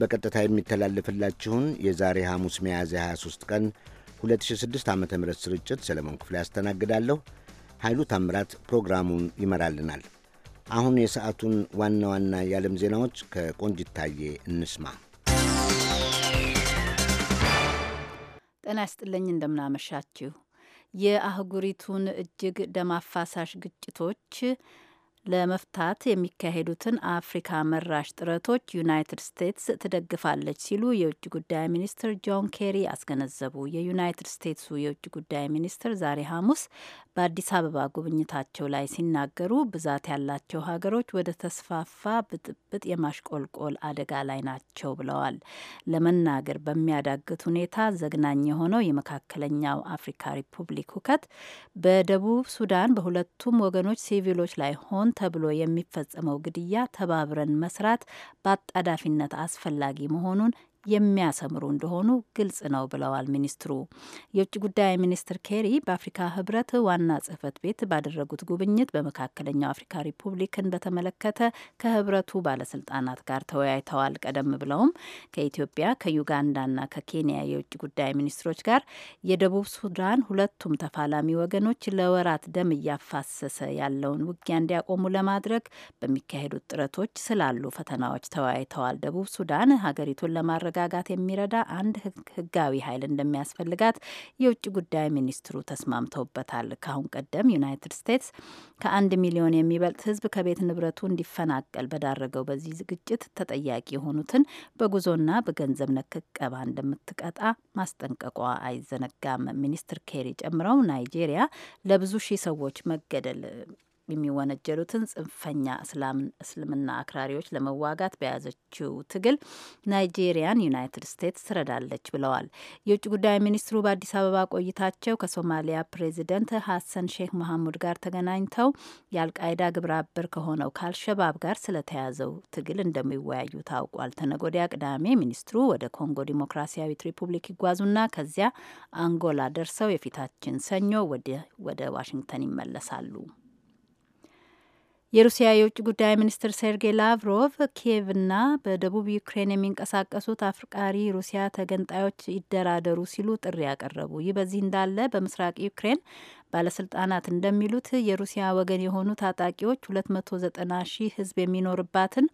በቀጥታ የሚተላለፍላችሁን የዛሬ ሐሙስ ሚያዝያ 23 ቀን 2006 ዓ ም ስርጭት ሰለሞን ክፍሌ ያስተናግዳለሁ። ኃይሉ ታምራት ፕሮግራሙን ይመራልናል። አሁን የሰዓቱን ዋና ዋና የዓለም ዜናዎች ከቆንጅታዬ እንስማ። ጤና ይስጥልኝ፣ እንደምናመሻችሁ የአህጉሪቱን እጅግ ደም አፋሳሽ ግጭቶች ለመፍታት የሚካሄዱትን አፍሪካ መራሽ ጥረቶች ዩናይትድ ስቴትስ ትደግፋለች ሲሉ የውጭ ጉዳይ ሚኒስትር ጆን ኬሪ አስገነዘቡ። የዩናይትድ ስቴትሱ የውጭ ጉዳይ ሚኒስትር ዛሬ ሐሙስ በአዲስ አበባ ጉብኝታቸው ላይ ሲናገሩ ብዛት ያላቸው ሀገሮች ወደ ተስፋፋ ብጥብጥ የማሽቆልቆል አደጋ ላይ ናቸው ብለዋል። ለመናገር በሚያዳግት ሁኔታ ዘግናኝ የሆነው የመካከለኛው አፍሪካ ሪፑብሊክ ሁከት በደቡብ ሱዳን በሁለቱም ወገኖች ሲቪሎች ላይ ሆን ተብሎ የሚፈጸመው ግድያ ተባብረን መስራት በአጣዳፊነት አስፈላጊ መሆኑን የሚያሰምሩ እንደሆኑ ግልጽ ነው ብለዋል ሚኒስትሩ። የውጭ ጉዳይ ሚኒስትር ኬሪ በአፍሪካ ህብረት ዋና ጽህፈት ቤት ባደረጉት ጉብኝት በመካከለኛው አፍሪካ ሪፑብሊክን በተመለከተ ከህብረቱ ባለስልጣናት ጋር ተወያይተዋል። ቀደም ብለውም ከኢትዮጵያ ከዩጋንዳና ከኬንያ የውጭ ጉዳይ ሚኒስትሮች ጋር የደቡብ ሱዳን ሁለቱም ተፋላሚ ወገኖች ለወራት ደም እያፋሰሰ ያለውን ውጊያ እንዲያቆሙ ለማድረግ በሚካሄዱት ጥረቶች ስላሉ ፈተናዎች ተወያይተዋል። ደቡብ ሱዳን ሀገሪቱን ለማድረግ ለማረጋጋት የሚረዳ አንድ ህጋዊ ኃይል እንደሚያስፈልጋት የውጭ ጉዳይ ሚኒስትሩ ተስማምተውበታል። ከአሁን ቀደም ዩናይትድ ስቴትስ ከአንድ ሚሊዮን የሚበልጥ ህዝብ ከቤት ንብረቱ እንዲፈናቀል በዳረገው በዚህ ግጭት ተጠያቂ የሆኑትን በጉዞና በገንዘብ ነክ ቀባ እንደምትቀጣ ማስጠንቀቋ አይዘነጋም። ሚኒስትር ኬሪ ጨምረው ናይጄሪያ ለብዙ ሺህ ሰዎች መገደል የሚወነጀሉትን ጽንፈኛ እስልምና አክራሪዎች ለመዋጋት በያዘችው ትግል ናይጄሪያን ዩናይትድ ስቴትስ ትረዳለች ብለዋል። የውጭ ጉዳይ ሚኒስትሩ በአዲስ አበባ ቆይታቸው ከሶማሊያ ፕሬዚደንት ሀሰን ሼክ መሐሙድ ጋር ተገናኝተው የአልቃይዳ ግብረአበር ከሆነው ከአልሸባብ ጋር ስለተያዘው ትግል እንደሚወያዩ ታውቋል። ተነጎዲያ ቅዳሜ ሚኒስትሩ ወደ ኮንጎ ዲሞክራሲያዊት ሪፑብሊክ ይጓዙና ከዚያ አንጎላ ደርሰው የፊታችን ሰኞ ወደ ዋሽንግተን ይመለሳሉ። የሩሲያ የውጭ ጉዳይ ሚኒስትር ሴርጌይ ላቭሮቭ ኪየቭና በደቡብ ዩክሬን የሚንቀሳቀሱት አፍቃሪ ሩሲያ ተገንጣዮች ይደራደሩ ሲሉ ጥሪ ያቀረቡ። ይህ በዚህ እንዳለ በምስራቅ ዩክሬን ባለስልጣናት እንደሚሉት የሩሲያ ወገን የሆኑ ታጣቂዎች 290 ሺህ ሕዝብ የሚኖርባትን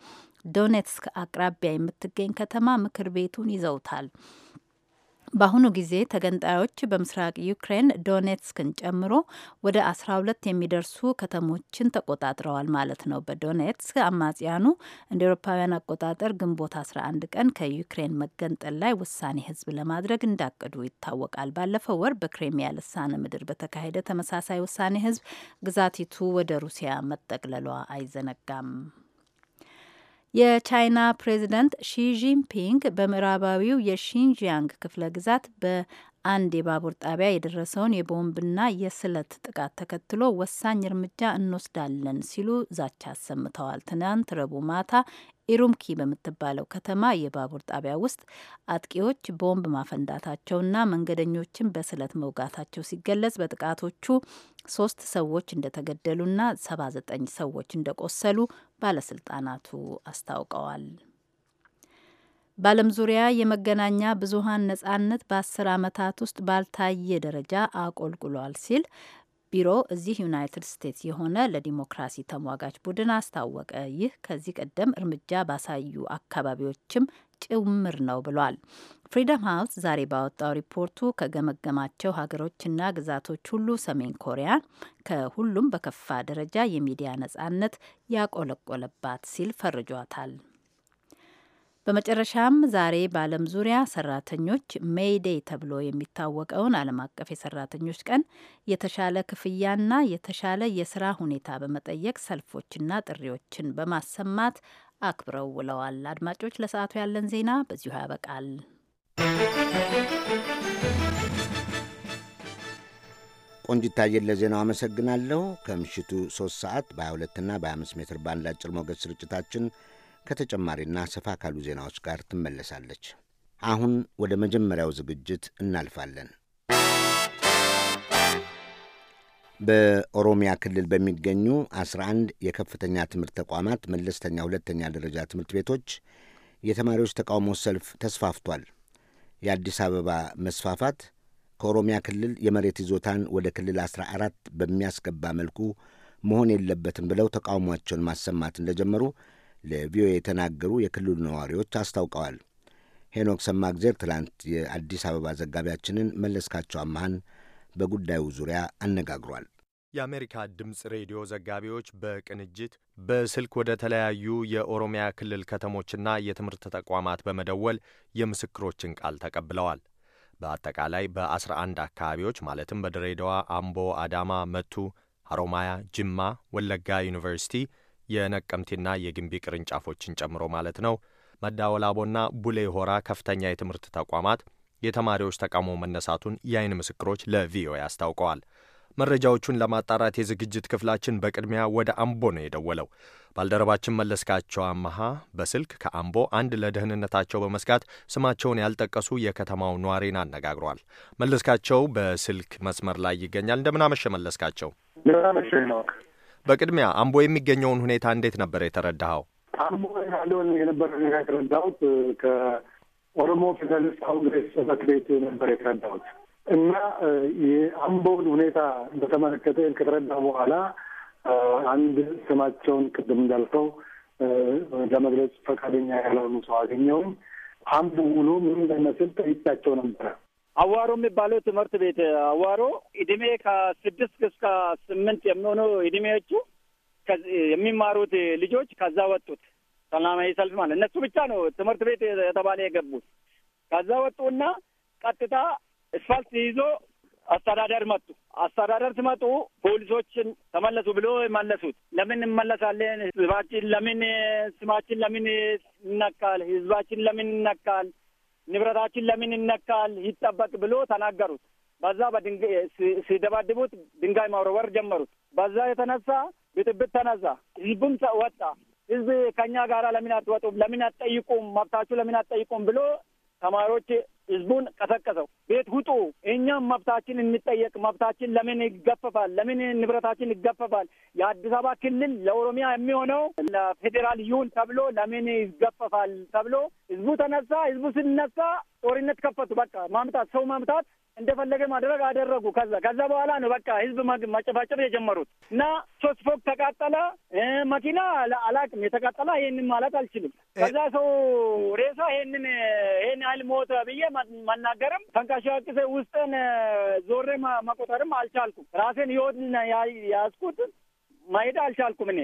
ዶኔትስክ አቅራቢያ የምትገኝ ከተማ ምክር ቤቱን ይዘውታል። በአሁኑ ጊዜ ተገንጣዮች በምስራቅ ዩክሬን ዶኔትስክን ጨምሮ ወደ 12 የሚደርሱ ከተሞችን ተቆጣጥረዋል ማለት ነው። በዶኔትስክ አማጽያኑ እንደ ኤሮፓውያን አቆጣጠር ግንቦት 11 ቀን ከዩክሬን መገንጠል ላይ ውሳኔ ህዝብ ለማድረግ እንዳቀዱ ይታወቃል። ባለፈው ወር በክሬሚያ ልሳነ ምድር በተካሄደ ተመሳሳይ ውሳኔ ህዝብ ግዛቲቱ ወደ ሩሲያ መጠቅለሏ አይዘነጋም። የቻይና ፕሬዚደንት ሺጂንፒንግ በምዕራባዊው የሺንጂያንግ ክፍለ ግዛት በአንድ የባቡር ጣቢያ የደረሰውን የቦምብና የስለት ጥቃት ተከትሎ ወሳኝ እርምጃ እንወስዳለን ሲሉ ዛቻ አሰምተዋል። ትናንት ረቡዕ ማታ ኢሩምኪ በምትባለው ከተማ የባቡር ጣቢያ ውስጥ አጥቂዎች ቦምብ ማፈንዳታቸውና መንገደኞችን በስለት መውጋታቸው ሲገለጽ በጥቃቶቹ ሶስት ሰዎች እንደተገደሉና 79 ሰዎች እንደቆሰሉ ባለስልጣናቱ አስታውቀዋል። በዓለም ዙሪያ የመገናኛ ብዙሀን ነጻነት በአስር ዓመታት ውስጥ ባልታየ ደረጃ አቆልቁሏል ሲል ቢሮ እዚህ ዩናይትድ ስቴትስ የሆነ ለዲሞክራሲ ተሟጋች ቡድን አስታወቀ። ይህ ከዚህ ቀደም እርምጃ ባሳዩ አካባቢዎችም ጭምር ነው ብሏል። ፍሪደም ሀውስ ዛሬ ባወጣው ሪፖርቱ ከገመገማቸው ሀገሮችና ግዛቶች ሁሉ ሰሜን ኮሪያን ከሁሉም በከፋ ደረጃ የሚዲያ ነጻነት ያቆለቆለባት ሲል ፈርጇታል። በመጨረሻም ዛሬ በዓለም ዙሪያ ሰራተኞች ሜይዴይ ተብሎ የሚታወቀውን ዓለም አቀፍ የሰራተኞች ቀን የተሻለ ክፍያና የተሻለ የስራ ሁኔታ በመጠየቅ ሰልፎችና ጥሪዎችን በማሰማት አክብረው ውለዋል። አድማጮች፣ ለሰዓቱ ያለን ዜና በዚሁ ያበቃል። ቆንጅታዬን ለዜናው አመሰግናለሁ። ከምሽቱ 3 ሰዓት በ22ና በ25 ሜትር ባንድ አጭር ሞገድ ስርጭታችን ከተጨማሪና ሰፋ ካሉ ዜናዎች ጋር ትመለሳለች። አሁን ወደ መጀመሪያው ዝግጅት እናልፋለን። በኦሮሚያ ክልል በሚገኙ 11 የከፍተኛ ትምህርት ተቋማት መለስተኛ ሁለተኛ ደረጃ ትምህርት ቤቶች የተማሪዎች ተቃውሞ ሰልፍ ተስፋፍቷል። የአዲስ አበባ መስፋፋት ከኦሮሚያ ክልል የመሬት ይዞታን ወደ ክልል 14 በሚያስገባ መልኩ መሆን የለበትም ብለው ተቃውሟቸውን ማሰማት እንደጀመሩ ለቪኦኤ የተናገሩ የክልሉ ነዋሪዎች አስታውቀዋል። ሄኖክ ሰማግዜር ትላንት የአዲስ አበባ ዘጋቢያችንን መለስካቸው አመሃን በጉዳዩ ዙሪያ አነጋግሯል። የአሜሪካ ድምፅ ሬዲዮ ዘጋቢዎች በቅንጅት በስልክ ወደ ተለያዩ የኦሮሚያ ክልል ከተሞችና የትምህርት ተቋማት በመደወል የምስክሮችን ቃል ተቀብለዋል። በአጠቃላይ በ11 አካባቢዎች ማለትም በድሬዳዋ፣ አምቦ፣ አዳማ፣ መቱ፣ ሐሮማያ፣ ጅማ፣ ወለጋ ዩኒቨርሲቲ የነቀምቴና የግንቢ ቅርንጫፎችን ጨምሮ ማለት ነው መዳወላቦና ቡሌ ሆራ ከፍተኛ የትምህርት ተቋማት የተማሪዎች ተቃውሞ መነሳቱን የአይን ምስክሮች ለቪኦኤ አስታውቀዋል። መረጃዎቹን ለማጣራት የዝግጅት ክፍላችን በቅድሚያ ወደ አምቦ ነው የደወለው። ባልደረባችን መለስካቸው አመሃ በስልክ ከአምቦ አንድ ለደህንነታቸው በመስጋት ስማቸውን ያልጠቀሱ የከተማው ነዋሪን አነጋግሯል። መለስካቸው በስልክ መስመር ላይ ይገኛል። እንደምናመሸ መለስካቸው። በቅድሚያ አምቦ የሚገኘውን ሁኔታ እንዴት ነበር የተረዳኸው? አምቦ ያለውን የነበረ የተረዳሁት ከኦሮሞ ፌደራሊስት ኮንግሬስ ጽሕፈት ቤት ነበር የተረዳሁት እና የአምቦውን ሁኔታ በተመለከተ ከተረዳ በኋላ አንድ ስማቸውን ቅድም እንዳልከው ለመግለጽ ፈቃደኛ ያልሆኑ ሰው አገኘውኝ። አምቦ ውሎ ምን እንደመስል ጠይቄያቸው ነበረ። አዋሮ የሚባለው ትምህርት ቤት አዋሮ እድሜ ከስድስት እስከ ስምንት የሚሆኑ እድሜዎቹ የሚማሩት ልጆች ከዛ ወጡት። ሰላማዊ ሰልፍ ማለት እነሱ ብቻ ነው ትምህርት ቤት የተባለ የገቡት። ከዛ ወጡና ቀጥታ እስፋልት ይዞ አስተዳደር መጡ። አስተዳደር ሲመጡ ፖሊሶችን ተመለሱ ብሎ መለሱት። ለምን እንመለሳለን? ህዝባችን ለምን ስማችን ለምን ይነካል? ህዝባችን ለምን ይነካል? ንብረታችን ለምን ይነካል ይጠበቅ ብሎ ተናገሩት። በዛ ሲደባድቡት ድንጋይ ማውረወር ጀመሩት። በዛ የተነሳ ብጥብጥ ተነሳ። ህዝቡም ወጣ። ህዝብ ከኛ ጋራ ለምን አትወጡም? ለምን አትጠይቁም? መብታችሁ ለምን አትጠይቁም ብሎ ተማሪዎች ህዝቡን ቀሰቀሰው። ቤት ውጡ፣ እኛም መብታችን እንጠየቅ፣ መብታችን ለምን ይገፈፋል? ለምን ንብረታችን ይገፈፋል? የአዲስ አበባ ክልል ለኦሮሚያ የሚሆነው ለፌዴራል ይሁን ተብሎ ለምን ይገፈፋል? ተብሎ ህዝቡ ተነሳ። ህዝቡ ስነሳ ጦርነት ከፈቱ። በቃ ማምጣት ሰው ማምጣት እንደፈለገ ማድረግ አደረጉ። ከዛ ከዛ በኋላ ነው በቃ ህዝብ ማጨፋጨፍ የጀመሩት እና ሶስት ፎቅ ተቃጠለ። መኪና አላቅም የተቃጠለ ይህንን ማለት አልችልም። ከዛ ሰው ሬሳ ይህንን ይህን ያህል ሞተ ብዬ መናገርም ተንቀሳቅሼ ውስጥን ዞሬ መቆጠርም አልቻልኩም። ራሴን ህይወት ያስኩት መሄድ አልቻልኩም እኔ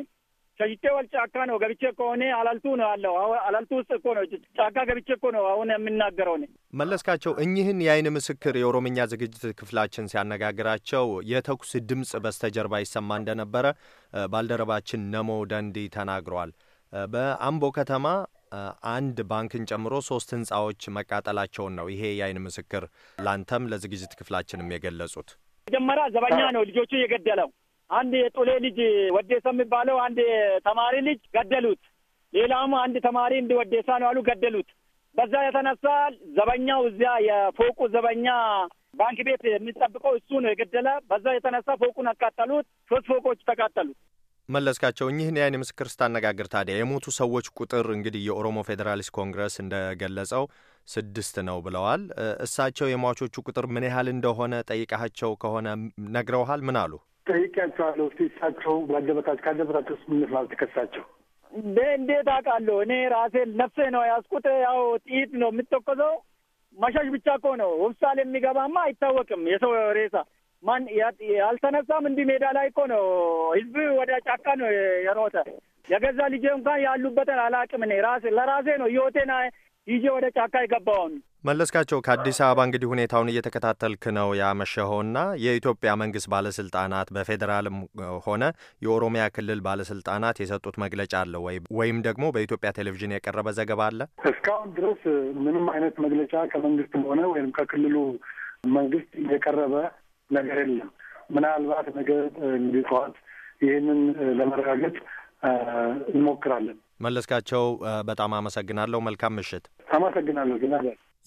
ሸሽቼ ወል ጫካ ነው ገብቼ ከሆነ አላልቱ ነው አለው። አላልቱ ውስጥ እኮ ነው ጫካ ገብቼ እኮ ነው አሁን የምናገረው። እኔ መለስካቸው እኚህን የአይን ምስክር የኦሮምኛ ዝግጅት ክፍላችን ሲያነጋግራቸው የተኩስ ድምፅ በስተጀርባ ይሰማ እንደነበረ ባልደረባችን ነሞ ደንዲ ተናግሯል። በአምቦ ከተማ አንድ ባንክን ጨምሮ ሶስት ህንጻዎች መቃጠላቸውን ነው ይሄ የአይን ምስክር ላንተም ለዝግጅት ክፍላችንም የገለጹት። መጀመሪያ ዘበኛ ነው ልጆቹ የገደለው አንድ የጦሌ ልጅ ወዴሳ የሚባለው አንድ ተማሪ ልጅ ገደሉት። ሌላም አንድ ተማሪ እንዲ ወዴሳ ነው አሉ ገደሉት። በዛ የተነሳ ዘበኛው እዚያ የፎቁ ዘበኛ ባንክ ቤት የሚጠብቀው እሱ ነው የገደለ። በዛ የተነሳ ፎቁን አቃጠሉት። ሶስት ፎቆች ተቃጠሉት። መለስካቸው እኚህን ያን ምስክር ስታነጋግር ታዲያ የሞቱ ሰዎች ቁጥር እንግዲህ የኦሮሞ ፌዴራሊስት ኮንግረስ እንደገለጸው ስድስት ነው ብለዋል። እሳቸው የሟቾቹ ቁጥር ምን ያህል እንደሆነ ጠይቃቸው ከሆነ ነግረውሃል? ምን አሉ? ጠይቄያቸዋለሁ። እስኪ እሳቸው ባለበታች ካለበታቸው ስምምነት ማለት ተከሳቸው እንዴት አውቃለሁ? እኔ ራሴ ነፍሴ ነው ያስቁት። ያው ጥይት ነው የምተኮሰው። መሸሽ ብቻ እኮ ነው። ውብሳል የሚገባማ አይታወቅም። የሰው ሬሳ ማን ያልተነሳም እንዲህ ሜዳ ላይ እኮ ነው ህዝብ ወደ ጫካ ነው የሮጠ። የገዛ ልጄ እንኳን ያሉበትን አላውቅም። እኔ ራሴ ለራሴ ነው ህይወቴን ይዤ ወደ ጫካ የገባውን መለስካቸው ከአዲስ አበባ እንግዲህ ሁኔታውን እየተከታተልክ ነው ያመሸኸውና የኢትዮጵያ መንግስት ባለስልጣናት በፌዴራልም ሆነ የኦሮሚያ ክልል ባለስልጣናት የሰጡት መግለጫ አለ ወይ ወይም ደግሞ በኢትዮጵያ ቴሌቪዥን የቀረበ ዘገባ አለ? እስካሁን ድረስ ምንም አይነት መግለጫ ከመንግስትም ሆነ ወይም ከክልሉ መንግስት የቀረበ ነገር የለም። ምናልባት ነገር እንግዲህ ጠዋት ይህንን ለመረጋገጥ እንሞክራለን። መለስካቸው በጣም አመሰግናለሁ። መልካም ምሽት። አመሰግናለሁ።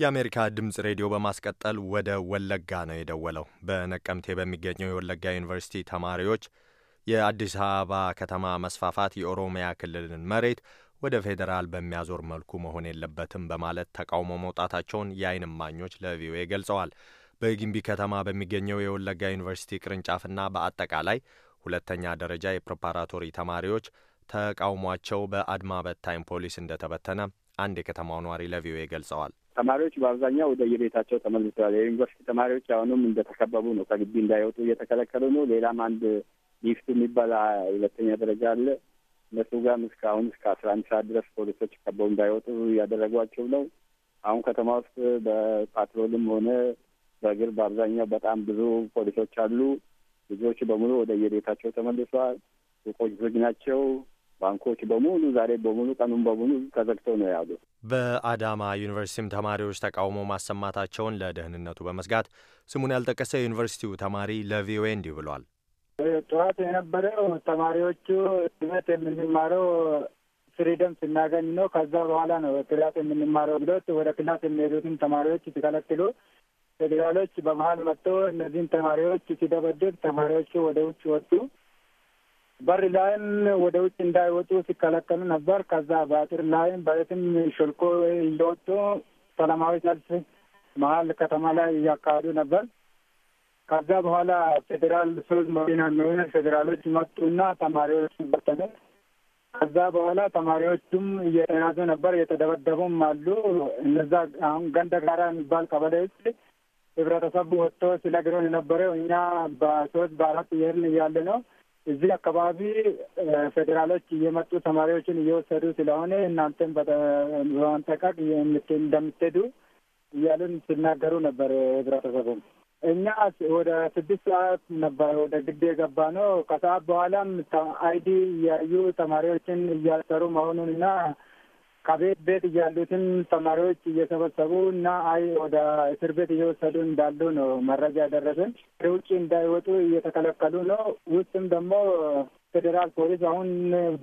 የአሜሪካ ድምፅ ሬዲዮ በማስቀጠል ወደ ወለጋ ነው የደወለው። በነቀምቴ በሚገኘው የወለጋ ዩኒቨርሲቲ ተማሪዎች የአዲስ አበባ ከተማ መስፋፋት የኦሮሚያ ክልልን መሬት ወደ ፌዴራል በሚያዞር መልኩ መሆን የለበትም በማለት ተቃውሞ መውጣታቸውን የዓይን እማኞች ለቪኦኤ ገልጸዋል። በጊምቢ ከተማ በሚገኘው የወለጋ ዩኒቨርሲቲ ቅርንጫፍና በአጠቃላይ ሁለተኛ ደረጃ የፕሬፓራቶሪ ተማሪዎች ተቃውሟቸው በአድማ በታኝ ፖሊስ እንደተበተነ አንድ የከተማው ነዋሪ ለቪኦኤ ገልጸዋል። ተማሪዎች በአብዛኛው ወደ የቤታቸው ተመልሰዋል። የዩኒቨርሲቲ ተማሪዎች አሁንም እንደተከበቡ ነው። ከግቢ እንዳይወጡ እየተከለከሉ ነው። ሌላም አንድ ሊፍት የሚባል ሁለተኛ ደረጃ አለ። እነሱ ጋም እስካሁን እስከ አስራ አንድ ሰዓት ድረስ ፖሊሶች ከበቡ እንዳይወጡ እያደረጓቸው ነው። አሁን ከተማ ውስጥ በፓትሮልም ሆነ በእግር በአብዛኛው በጣም ብዙ ፖሊሶች አሉ። ልጆች በሙሉ ወደ የቤታቸው ተመልሰዋል። ሱቆች ዝግ ናቸው። ባንኮች በሙሉ ዛሬ በሙሉ ቀኑን በሙሉ ተዘግተው ነው ያሉ። በአዳማ ዩኒቨርሲቲም ተማሪዎች ተቃውሞ ማሰማታቸውን ለደህንነቱ በመስጋት ስሙን ያልጠቀሰ የዩኒቨርሲቲው ተማሪ ለቪኦኤ እንዲህ ብሏል። ጠዋት የነበረው ተማሪዎቹ ትምህርት የምንማረው ፍሪደም ስናገኝ ነው፣ ከዛ በኋላ ነው ክላስ የምንማረው ብሎት ወደ ክላስ የሚሄዱትን ተማሪዎች ሲከለክሉ ፌዴራሎች በመሀል መጥቶ እነዚህን ተማሪዎች ሲደበድብ ተማሪዎቹ ወደ ውጭ ወጡ። በር ላይም ወደ ውጭ እንዳይወጡ ሲከለከሉ ነበር። ከዛ በአጥር ላይም በየትም ሾልኮ እንደወጡ ሰላማዊ ሰልፍ መሀል ከተማ ላይ እያካሄዱ ነበር። ከዛ በኋላ ፌዴራል ሶስት መኪና የሚሆነ ፌዴራሎች መጡና ተማሪዎች በተነ። ከዛ በኋላ ተማሪዎቹም እየተያዙ ነበር፣ እየተደበደቡም አሉ። እነዛ አሁን ገንደ ጋራ የሚባል ቀበሌ ውስጥ ህብረተሰቡ ወጥቶ ሲነግረን የነበረው እኛ በሶስት በአራት እየሄድን እያለ ነው እዚህ አካባቢ ፌዴራሎች እየመጡ ተማሪዎችን እየወሰዱ ስለሆነ እናንተም በማንጠቃቅ እንደምትሄዱ እያሉን ሲናገሩ ነበር። ህብረተሰቡም እኛ ወደ ስድስት ሰዓት ነበር ወደ ግቢ የገባ ነው። ከሰዓት በኋላም አይዲ እያዩ ተማሪዎችን እያሰሩ መሆኑን እና ከቤት ቤት እያሉትን ተማሪዎች እየሰበሰቡ እና አይ ወደ እስር ቤት እየወሰዱ እንዳሉ ነው መረጃ ያደረሰን። ወደ ውጭ እንዳይወጡ እየተከለከሉ ነው። ውስጥም ደግሞ ፌዴራል ፖሊስ አሁን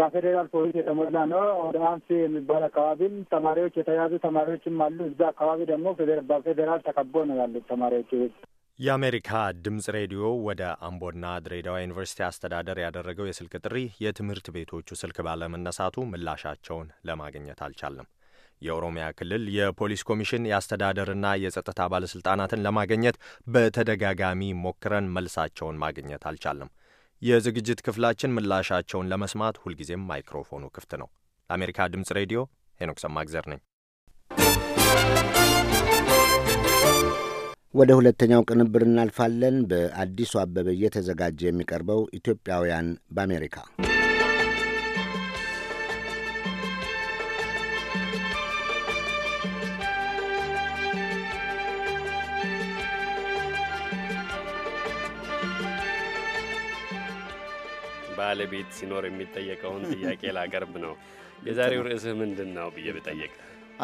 በፌዴራል ፖሊስ የተሞላ ነው። ወደ አንፊ የሚባል አካባቢም ተማሪዎች የተያዙ ተማሪዎችም አሉ። እዛ አካባቢ ደግሞ በፌዴራል ተከቦ ነው ያሉት ተማሪዎች። የአሜሪካ ድምፅ ሬዲዮ ወደ አምቦና ድሬዳዋ ዩኒቨርሲቲ አስተዳደር ያደረገው የስልክ ጥሪ የትምህርት ቤቶቹ ስልክ ባለመነሳቱ ምላሻቸውን ለማግኘት አልቻለም። የኦሮሚያ ክልል የፖሊስ ኮሚሽን የአስተዳደርና የጸጥታ ባለሥልጣናትን ለማግኘት በተደጋጋሚ ሞክረን መልሳቸውን ማግኘት አልቻለም። የዝግጅት ክፍላችን ምላሻቸውን ለመስማት ሁልጊዜም ማይክሮፎኑ ክፍት ነው። ለአሜሪካ ድምፅ ሬዲዮ ሄኖክ ሰማግዘር ነኝ። ወደ ሁለተኛው ቅንብር እናልፋለን። በአዲሱ አበበ እየተዘጋጀ የሚቀርበው ኢትዮጵያውያን በአሜሪካ ባለቤት ሲኖር የሚጠየቀውን ጥያቄ ላቀርብ ነው። የዛሬው ርዕስህ ምንድን ነው ብዬ ብጠየቅ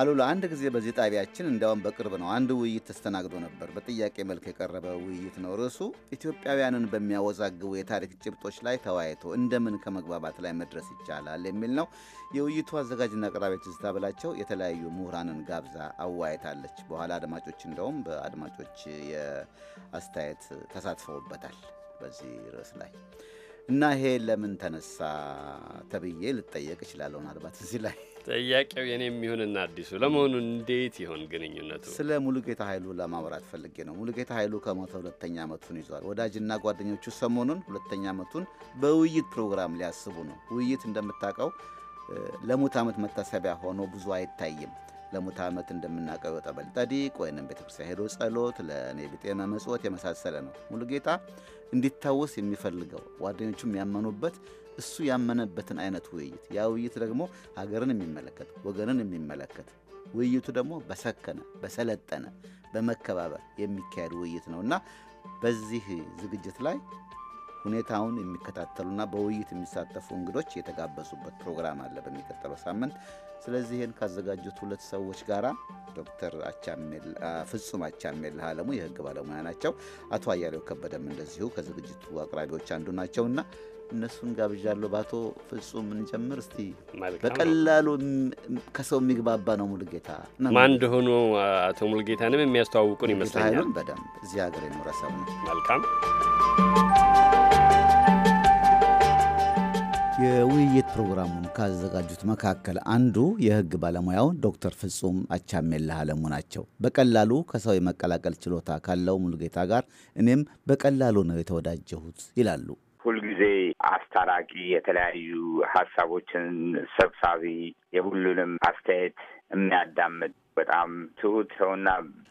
አሉላ አንድ ጊዜ በዚህ ጣቢያችን እንዲያውም በቅርብ ነው አንድ ውይይት ተስተናግዶ ነበር። በጥያቄ መልክ የቀረበ ውይይት ነው። ርዕሱ ኢትዮጵያውያንን በሚያወዛግቡ የታሪክ ጭብጦች ላይ ተወያይቶ እንደምን ከመግባባት ላይ መድረስ ይቻላል የሚል ነው። የውይይቱ አዘጋጅና አቅራቢ ትዝታ ብላቸው የተለያዩ ምሁራንን ጋብዛ አወያይታለች። በኋላ አድማጮች እንደውም በአድማጮች የአስተያየት ተሳትፈውበታል በዚህ ርዕስ ላይ እና ይሄ ለምን ተነሳ ተብዬ ልጠየቅ እችላለሁ ምናልባት እዚህ ላይ ጥያቄው የኔ የሚሆንና አዲሱ ለመሆኑ እንዴት ይሆን ግንኙነቱ? ስለ ሙሉጌታ ኃይሉ ለማብራት ፈልጌ ነው። ሙሉጌታ ኃይሉ ከሞተ ሁለተኛ ዓመቱን ይዟል። ወዳጅና ጓደኞቹ ሰሞኑን ሁለተኛ ዓመቱን በውይይት ፕሮግራም ሊያስቡ ነው። ውይይት እንደምታውቀው ለሙት ዓመት መታሰቢያ ሆኖ ብዙ አይታይም። ለሙት ዓመት እንደምናውቀው የጠበል ጠዲቅ ወይንም ቤተክርስቲያን ሄዶ ጸሎት፣ ለእኔ ብጤና መጽወት የመሳሰለ ነው። ሙሉጌታ እንዲታወስ የሚፈልገው ጓደኞቹ የሚያመኑበት እሱ ያመነበትን አይነት ውይይት ያ ውይይት ደግሞ ሀገርን የሚመለከት ወገንን የሚመለከት ውይይቱ ደግሞ በሰከነ በሰለጠነ በመከባበር የሚካሄድ ውይይት ነው እና በዚህ ዝግጅት ላይ ሁኔታውን የሚከታተሉና በውይይት የሚሳተፉ እንግዶች የተጋበዙበት ፕሮግራም አለ በሚቀጥለው ሳምንት ስለዚህ ይህን ካዘጋጁት ሁለት ሰዎች ጋር ዶክተር ፍጹም አቻሜልህ አለሙ የህግ ባለሙያ ናቸው። አቶ አያሌው ከበደም እንደዚሁ ከዝግጅቱ አቅራቢዎች አንዱ ናቸው እና እነሱን ጋብዣለሁ። በአቶ ፍጹም እንጀምር እስቲ። በቀላሉ ከሰው የሚግባባ ነው ሙልጌታ ማን እንደሆኑ አቶ ሙልጌታንም የሚያስተዋውቁን ይመስለኛል። በደንብ እዚህ ሀገር የኖረ ሰው ነው። መልካም የውይይት ፕሮግራሙን ካዘጋጁት መካከል አንዱ የሕግ ባለሙያው ዶክተር ፍጹም አቻሜላ አለሙ ናቸው። በቀላሉ ከሰው የመቀላቀል ችሎታ ካለው ሙልጌታ ጋር እኔም በቀላሉ ነው የተወዳጀሁት ይላሉ። ሁልጊዜ አስታራቂ፣ የተለያዩ ሀሳቦችን ሰብሳቢ፣ የሁሉንም አስተያየት የሚያዳምጥ በጣም ትሁት ሰውና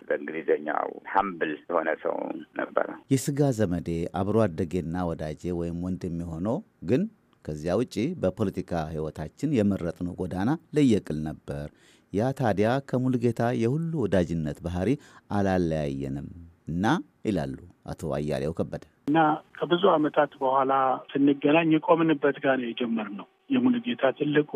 በእንግሊዝኛው ሀምብል የሆነ ሰው ነበረ። የስጋ ዘመዴ አብሮ አደጌና ወዳጄ ወይም ወንድም የሆነው ግን ከዚያ ውጪ በፖለቲካ ሕይወታችን የመረጥነው ጎዳና ለየቅል ነበር። ያ ታዲያ ከሙልጌታ የሁሉ ወዳጅነት ባህሪ አላለያየንም እና ይላሉ አቶ አያሌው ከበደ። እና ከብዙ ዓመታት በኋላ ስንገናኝ የቆምንበት ጋር ነው የጀመርነው። የሙልጌታ ትልቁ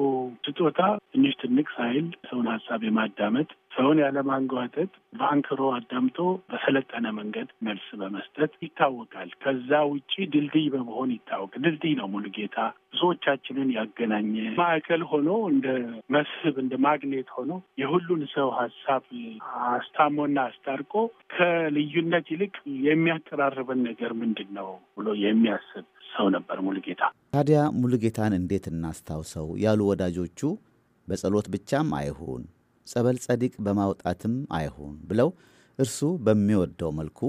ስጦታ ትንሽ ትንቅ ሳይል ሰውን ሀሳብ የማዳመጥ ሰውን ያለማንጓተት በአንክሮ አዳምቶ በሰለጠነ መንገድ መልስ በመስጠት ይታወቃል። ከዛ ውጪ ድልድይ በመሆን ይታወቅ ድልድይ ነው ሙሉጌታ ብዙዎቻችንን ያገናኘ ማዕከል ሆኖ እንደ መስህብ እንደ ማግኔት ሆኖ የሁሉን ሰው ሀሳብ አስታሞና አስታርቆ ከልዩነት ይልቅ የሚያቀራርበን ነገር ምንድን ነው ብሎ የሚያስብ ሰው ነበር ሙሉጌታ። ታዲያ ሙሉጌታን እንዴት እናስታውሰው ያሉ ወዳጆቹ በጸሎት ብቻም አይሁን ጸበል ጸዲቅ በማውጣትም አይሁን ብለው እርሱ በሚወደው መልኩ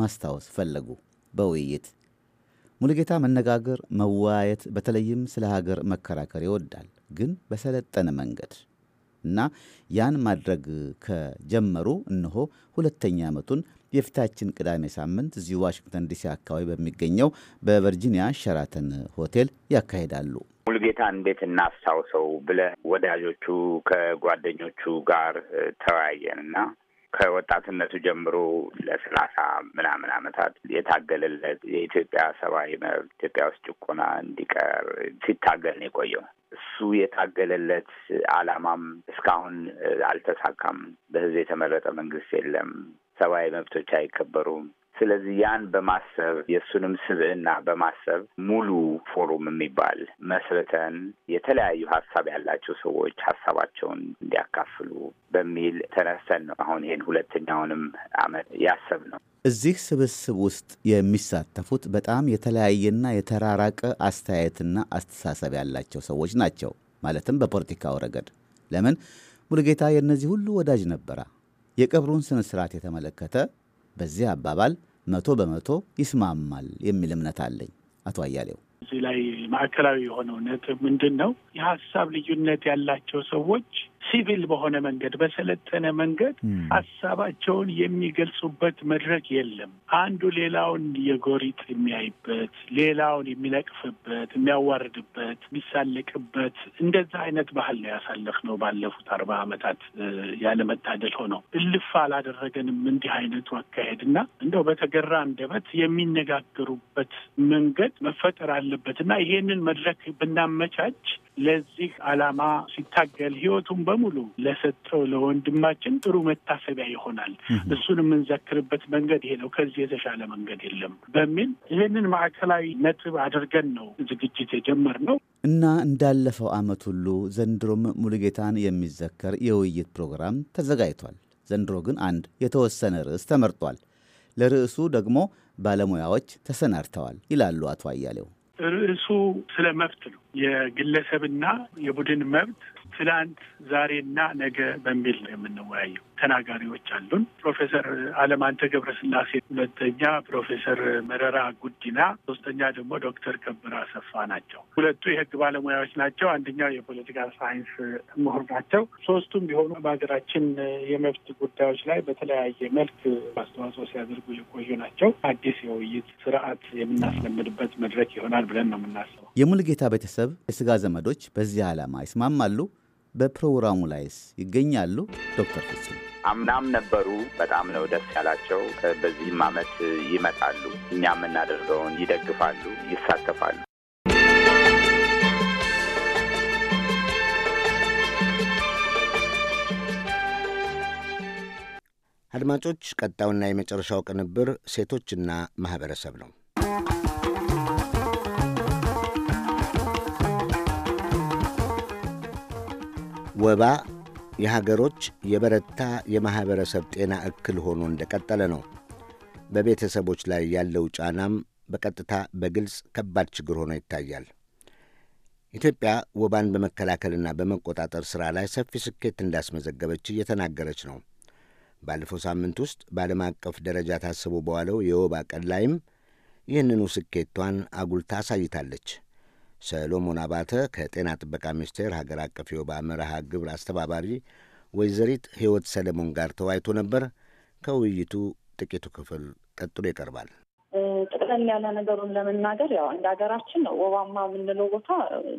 ማስታወስ ፈለጉ። በውይይት ሙሉጌታ መነጋገር፣ መወያየት፣ በተለይም ስለ ሀገር መከራከር ይወዳል፣ ግን በሰለጠነ መንገድ እና ያን ማድረግ ከጀመሩ እነሆ ሁለተኛ ዓመቱን የፊታችን ቅዳሜ ሳምንት እዚሁ ዋሽንግተን ዲሲ አካባቢ በሚገኘው በቨርጂኒያ ሸራተን ሆቴል ያካሂዳሉ። ሙሉጌታን እንዴት እናስታውሰው ብለን ወዳጆቹ ከጓደኞቹ ጋር ተወያየን እና ከወጣትነቱ ጀምሮ ለሰላሳ ምናምን ዓመታት የታገለለት የኢትዮጵያ ሰብአዊ መብት ኢትዮጵያ ውስጥ ጭቆና እንዲቀር ሲታገል ነው የቆየው። እሱ የታገለለት ዓላማም እስካሁን አልተሳካም። በህዝብ የተመረጠ መንግስት የለም። ሰብአዊ መብቶች አይከበሩም። ስለዚህ ያን በማሰብ የእሱንም ስብዕና በማሰብ ሙሉ ፎሩም የሚባል መስርተን የተለያዩ ሀሳብ ያላቸው ሰዎች ሀሳባቸውን እንዲያካፍሉ በሚል ተነስተን ነው አሁን ይህን ሁለተኛውንም አመት ያሰብ ነው። እዚህ ስብስብ ውስጥ የሚሳተፉት በጣም የተለያየና የተራራቀ አስተያየትና አስተሳሰብ ያላቸው ሰዎች ናቸው። ማለትም በፖለቲካው ረገድ ለምን ሙሉጌታ የእነዚህ ሁሉ ወዳጅ ነበራ። የቀብሩን ስነ ስርዓት የተመለከተ በዚህ አባባል መቶ በመቶ ይስማማል የሚል እምነት አለኝ። አቶ አያሌው እዚህ ላይ ማዕከላዊ የሆነው ነጥብ ምንድን ነው? የሀሳብ ልዩነት ያላቸው ሰዎች ሲቪል በሆነ መንገድ በሰለጠነ መንገድ ሀሳባቸውን የሚገልጹበት መድረክ የለም። አንዱ ሌላውን የጎሪጥ የሚያይበት፣ ሌላውን የሚለቅፍበት፣ የሚያዋርድበት፣ የሚሳለቅበት እንደዛ አይነት ባህል ነው ያሳለፍነው ባለፉት አርባ ዓመታት ያለመታደል ሆነው እልፍ አላደረገንም እንዲህ አይነቱ አካሄድ እና እንደው በተገራ አንደበት የሚነጋገሩበት መንገድ መፈጠር አለበት እና ይሄንን መድረክ ብናመቻች ለዚህ ዓላማ ሲታገል ህይወቱን በሙሉ ለሰጠው ለወንድማችን ጥሩ መታሰቢያ ይሆናል። እሱን የምንዘክርበት መንገድ ይሄ ነው፣ ከዚህ የተሻለ መንገድ የለም በሚል ይህንን ማዕከላዊ ነጥብ አድርገን ነው ዝግጅት የጀመርነው እና እንዳለፈው ዓመት ሁሉ ዘንድሮም ሙሉጌታን የሚዘከር የውይይት ፕሮግራም ተዘጋጅቷል። ዘንድሮ ግን አንድ የተወሰነ ርዕስ ተመርጧል። ለርዕሱ ደግሞ ባለሙያዎች ተሰናድተዋል ይላሉ አቶ አያሌው። ርዕሱ ስለ መብት ነው። የግለሰብና የቡድን መብት ትላንት ዛሬና ነገ በሚል ነው የምንወያየው። ተናጋሪዎች አሉን። ፕሮፌሰር አለማንተ ገብረስላሴ፣ ሁለተኛ ፕሮፌሰር መረራ ጉዲና፣ ሶስተኛ ደግሞ ዶክተር ከብር አሰፋ ናቸው። ሁለቱ የህግ ባለሙያዎች ናቸው። አንደኛው የፖለቲካ ሳይንስ ምሁር ናቸው። ሶስቱም ቢሆኑ በሀገራችን የመብት ጉዳዮች ላይ በተለያየ መልክ አስተዋጽኦ ሲያደርጉ የቆዩ ናቸው። አዲስ የውይይት ስርዓት የምናስለምድበት መድረክ ይሆናል ብለን ነው የምናስበው። የሙልጌታ ቤተሰብ የስጋ ዘመዶች በዚህ ዓላማ ይስማማሉ? በፕሮግራሙ ላይስ ይገኛሉ? ዶክተር ፍጹም አምናም ነበሩ። በጣም ነው ደስ ያላቸው። በዚህም ዓመት ይመጣሉ። እኛ የምናደርገውን ይደግፋሉ፣ ይሳተፋሉ። አድማጮች፣ ቀጣውና የመጨረሻው ቅንብር ሴቶችና ማኅበረሰብ ነው። ወባ የሀገሮች የበረታ የማኅበረሰብ ጤና እክል ሆኖ እንደቀጠለ ነው። በቤተሰቦች ላይ ያለው ጫናም በቀጥታ በግልጽ ከባድ ችግር ሆኖ ይታያል። ኢትዮጵያ ወባን በመከላከልና በመቆጣጠር ሥራ ላይ ሰፊ ስኬት እንዳስመዘገበች እየተናገረች ነው። ባለፈው ሳምንት ውስጥ በዓለም አቀፍ ደረጃ ታስቦ በዋለው የወባ ቀን ላይም ይህንኑ ስኬቷን አጉልታ አሳይታለች። ሰሎሞን አባተ ከጤና ጥበቃ ሚኒስቴር ሀገር አቀፍ የወባ መርሃ ግብር አስተባባሪ ወይዘሪት ሕይወት ሰለሞን ጋር ተወያይቶ ነበር። ከውይይቱ ጥቂቱ ክፍል ቀጥሎ ይቀርባል። ጥቅለል ያለ ነገሩን ለመናገር ያው እንደ ሀገራችን ወባማ የምንለው ቦታ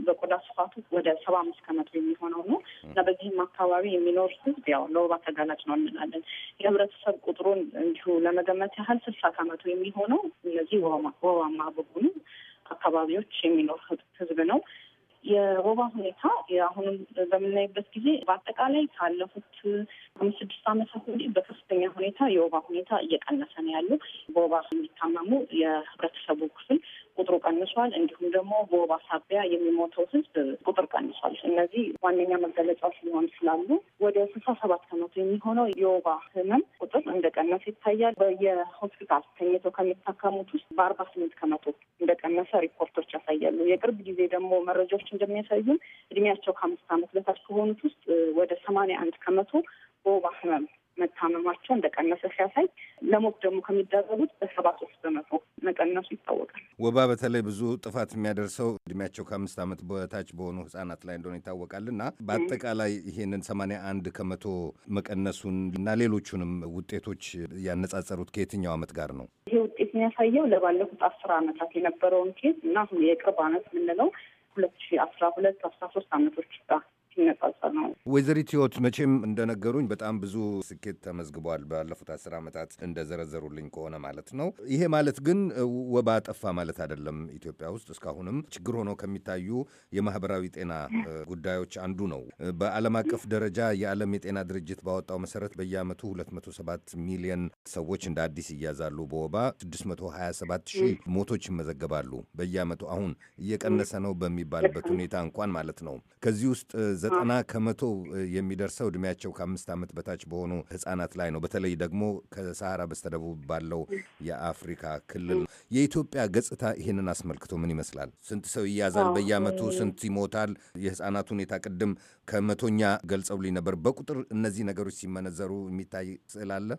በቆዳ ስፋቱ ወደ ሰባ አምስት ከመቶ የሚሆነው ነው እና በዚህም አካባቢ የሚኖር ህዝብ ያው ለወባ ተጋላጭ ነው እንላለን። የህብረተሰብ ቁጥሩን እንዲሁ ለመገመት ያህል ስልሳ ከመቶ የሚሆነው እነዚህ ወባማ በሆኑ አካባቢዎች የሚኖር ህዝብ ነው። የወባ ሁኔታ አሁንም በምናይበት ጊዜ በአጠቃላይ ካለፉት አምስት ስድስት ዓመታት ወዲህ በከፍተኛ ሁኔታ የወባ ሁኔታ እየቀነሰ ነው ያሉ በወባ የሚታመሙ የህብረተሰቡ ክፍል ቁጥሩ ቀንሷል። እንዲሁም ደግሞ በወባ ሳቢያ የሚሞተው ህዝብ ቁጥር ቀንሷል። እነዚህ ዋነኛ መገለጫዎች ሊሆን ስላሉ ወደ ስልሳ ሰባት ከመቶ የሚሆነው የወባ ህመም ቁጥር እንደቀነሰ ይታያል። በየሆስፒታል ተኝተው ከሚታከሙት ውስጥ በአርባ ስምንት ከመቶ እንደቀነሰ ሪፖርቶች ያሳያሉ። የቅርብ ጊዜ ደግሞ መረጃዎች እንደሚያሳዩን እድሜያቸው ከአምስት ዓመት በታች ከሆኑት ውስጥ ወደ ሰማንያ አንድ ከመቶ በወባ ህመም መታመማቸው እንደቀነሰ ሲያሳይ ለሞት ደግሞ ከሚደረጉት በሰባ ሶስት በመቶ መቀነሱ ይታወቃል። ወባ በተለይ ብዙ ጥፋት የሚያደርሰው እድሜያቸው ከአምስት ዓመት በታች በሆኑ ህጻናት ላይ እንደሆነ ይታወቃል እና በአጠቃላይ ይሄንን ሰማንያ አንድ ከመቶ መቀነሱን እና ሌሎቹንም ውጤቶች ያነጻጸሩት ከየትኛው ዓመት ጋር ነው? ይሄ ውጤት የሚያሳየው ለባለፉት አስር ዓመታት የነበረውን ኬዝ እና የቅርብ ዓመት የምንለው ሁለት ሺ አስራ ሁለት አስራ ሶስት ዓመቶች ጋር ሲነጻጸር ነው። ወይዘሪት ህይወት መቼም እንደነገሩኝ በጣም ብዙ ስኬት ተመዝግቧል ባለፉት አስር ዓመታት እንደዘረዘሩልኝ ከሆነ ማለት ነው። ይሄ ማለት ግን ወባ ጠፋ ማለት አይደለም። ኢትዮጵያ ውስጥ እስካሁንም ችግር ሆኖ ከሚታዩ የማህበራዊ ጤና ጉዳዮች አንዱ ነው። በዓለም አቀፍ ደረጃ የዓለም የጤና ድርጅት ባወጣው መሰረት በየአመቱ 207 ሚሊዮን ሰዎች እንደ አዲስ ይያዛሉ በወባ 627 ሺህ ሞቶች ይመዘገባሉ በየአመቱ አሁን እየቀነሰ ነው በሚባልበት ሁኔታ እንኳን ማለት ነው ከዚህ ውስጥ ዘጠና ከመቶ የሚደርሰው እድሜያቸው ከአምስት ዓመት በታች በሆኑ ህጻናት ላይ ነው። በተለይ ደግሞ ከሰሃራ በስተደቡብ ባለው የአፍሪካ ክልል የኢትዮጵያ ገጽታ ይህንን አስመልክቶ ምን ይመስላል? ስንት ሰው ይያዛል በየአመቱ ስንት ይሞታል? የህጻናት ሁኔታ ቅድም ከመቶኛ ገልጸውልኝ ነበር። በቁጥር እነዚህ ነገሮች ሲመነዘሩ የሚታይ ስዕል አለ።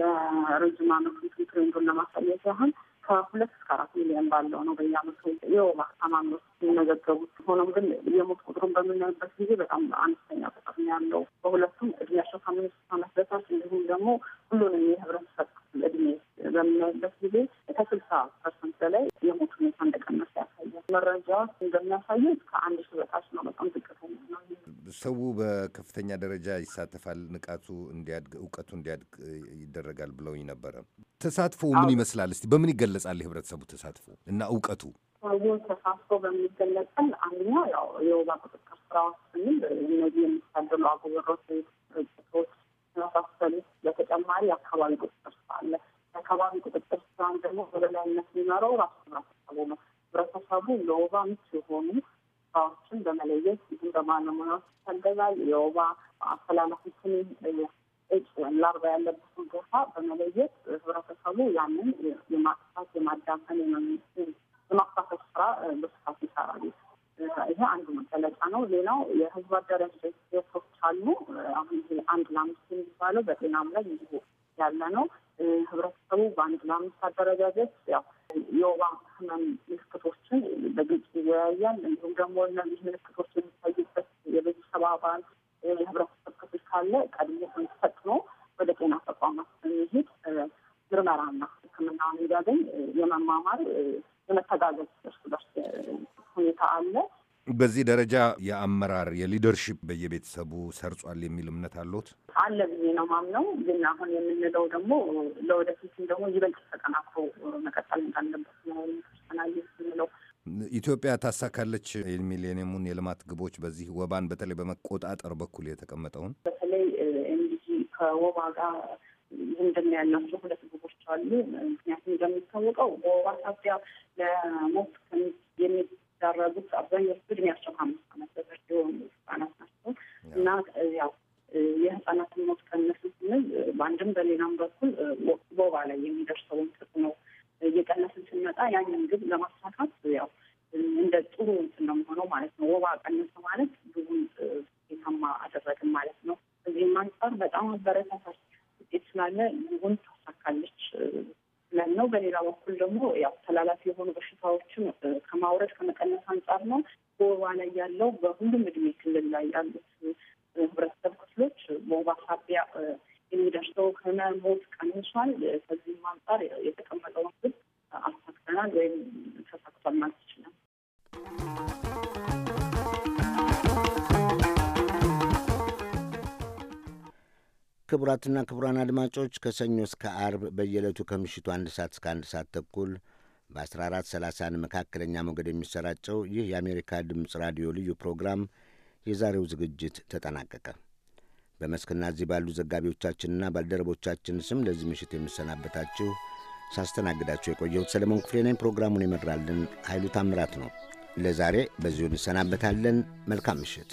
የረጅም አመቱ ትሬንዱን ለማሳየት ያህል ከሁለት እስከ አራት ሚሊዮን ባለው ነው በየአመቱ የወባ ታማሚዎች የሚመዘገቡት። ሆኖም ግን የሞት ቁጥሩን በምናይበት ጊዜ በጣም አነስተኛ ቁጥር ነው ያለው በሁለቱም እድሜያቸው ከአምስት ዓመት በታች እንዲሁም ደግሞ ሁሉንም የህብረተሰብ እድሜ በምናይበት ጊዜ ከስልሳ ፐርሰንት በላይ የሞት ሁኔታ እንደቀነሰ ያሳያል። መረጃ እንደሚያሳዩት ከአንድ ሺህ በታች ነው። በጣም ዝቅተኛ ነው። ሰው በከፍተኛ ደረጃ ይሳተፋል። ንቃቱ እንዲያድግ እውቀቱ እንዲያድግ ይደረጋል ብለውኝ ነበረ። ተሳትፎ ምን ይመስላል? እስቲ በምን ይገለጻል የህብረተሰቡ ተሳትፎ እና እውቀቱ? ሰውን ተሳስቶ በሚገለጸል አንኛ ያው የወባ ቁጥጥር ስራዎች ስንል እነዚህ የሚታደሉ አጉበሮች፣ ድርጅቶች መሳሰሉት። በተጨማሪ የአካባቢ ቁጥጥር ስራ አለ። የአካባቢ ቁጥጥር ስራን ደግሞ በበላይነት የሚመራው ራሱ ህብረተሰቡ ነው። ህብረተሰቡ ለወባ ምቹ የሆኑ ስራዎችን በመለየት ይህም በባለሙያዎች ይታገዛል። የወባ አስተላላፊችን እጭ ላርባ ያለበትን ቦታ በመለየት ህብረተሰቡ ያንን የማጥፋት የማዳፈን የመምስ በማካፈል ስራ በስፋት ይሰራሉ። ይሄ አንዱ መገለጫ ነው። ሌላው የህዝብ አደረጃጀት ቶች አሉ። አሁን ይሄ አንድ ለአምስት የሚባለው በጤናም ላይ እንዲሁ ያለ ነው። ህብረተሰቡ በአንድ ለአምስት አደረጃጀት ያው የወባ ህመም ምልክቶችን በግልጽ ይወያያል። እንዲሁም ደግሞ እነዚህ ምልክቶች የሚታዩበት የቤተሰብ አባል የህብረተሰብ ክፍል ካለ ቀድሞ ሰጥ ነው ወደ ጤና ተቋማት በመሄድ ምርመራና ህክምና እንዲያገኝ የመማማር የመተጋገዝ እርስ በርስ ሁኔታ አለ። በዚህ ደረጃ የአመራር የሊደርሺፕ በየቤተሰቡ ሰርጿል የሚል እምነት አለት አለ ብዬ ነው ማምነው። ግን አሁን የምንለው ደግሞ ለወደፊትም ደግሞ ይበልጥ ተጠናክሮ መቀጠል እንዳለበት ነው ተናየ የምንለው። ኢትዮጵያ ታሳካለች የሚሊኒየሙን የልማት ግቦች በዚህ ወባን በተለይ በመቆጣጠር በኩል የተቀመጠውን በተለይ እንዲህ ከወባ ጋር ዝምድና ያላቸው ሁለት ግቦች አሉ። ምክንያቱም እንደሚታወቀው በዋሳቢያ ለሞት የሚዳረጉት አብዛኛው እድሜያቸው ከአምስት ዓመት በታች የሆኑ ህጻናት ናቸው እና ያው የህጻናትን ሞት ቀነስ ስንል በአንድም በሌላም በኩል በወባ ላይ የሚደርሰውን ጥቅም ነው እየቀነስን ስንመጣ ያንን ግብ ለማሳካት ያው እንደ ጥሩ እንትን ነው ማለት ነው። ወባ ቀነሰ ማለት ብዙም ስኬታማ አደረግን ማለት ነው። እዚህም አንጻር በጣም አበረታታች ተሳክቷል። ከዚህም አንጻር የተቀመጠውን ግብ አሳክተናል ወይም ተሳክቷል ማለት ይችላል። ክቡራትና ክቡራን አድማጮች ከሰኞ እስከ አርብ በየዕለቱ ከምሽቱ አንድ ሰዓት እስከ አንድ ሰዓት ተኩል በ1430 መካከለኛ ሞገድ የሚሰራጨው ይህ የአሜሪካ ድምፅ ራዲዮ ልዩ ፕሮግራም የዛሬው ዝግጅት ተጠናቀቀ። በመስክና እዚህ ባሉ ዘጋቢዎቻችንና ባልደረቦቻችን ስም ለዚህ ምሽት የምሰናበታችሁ ሳስተናግዳችሁ የቆየሁት ሰለሞን ክፍሌ ነኝ። ፕሮግራሙን የመራልን ኃይሉ ታምራት ነው። ለዛሬ በዚሁ እንሰናበታለን። መልካም ምሽት።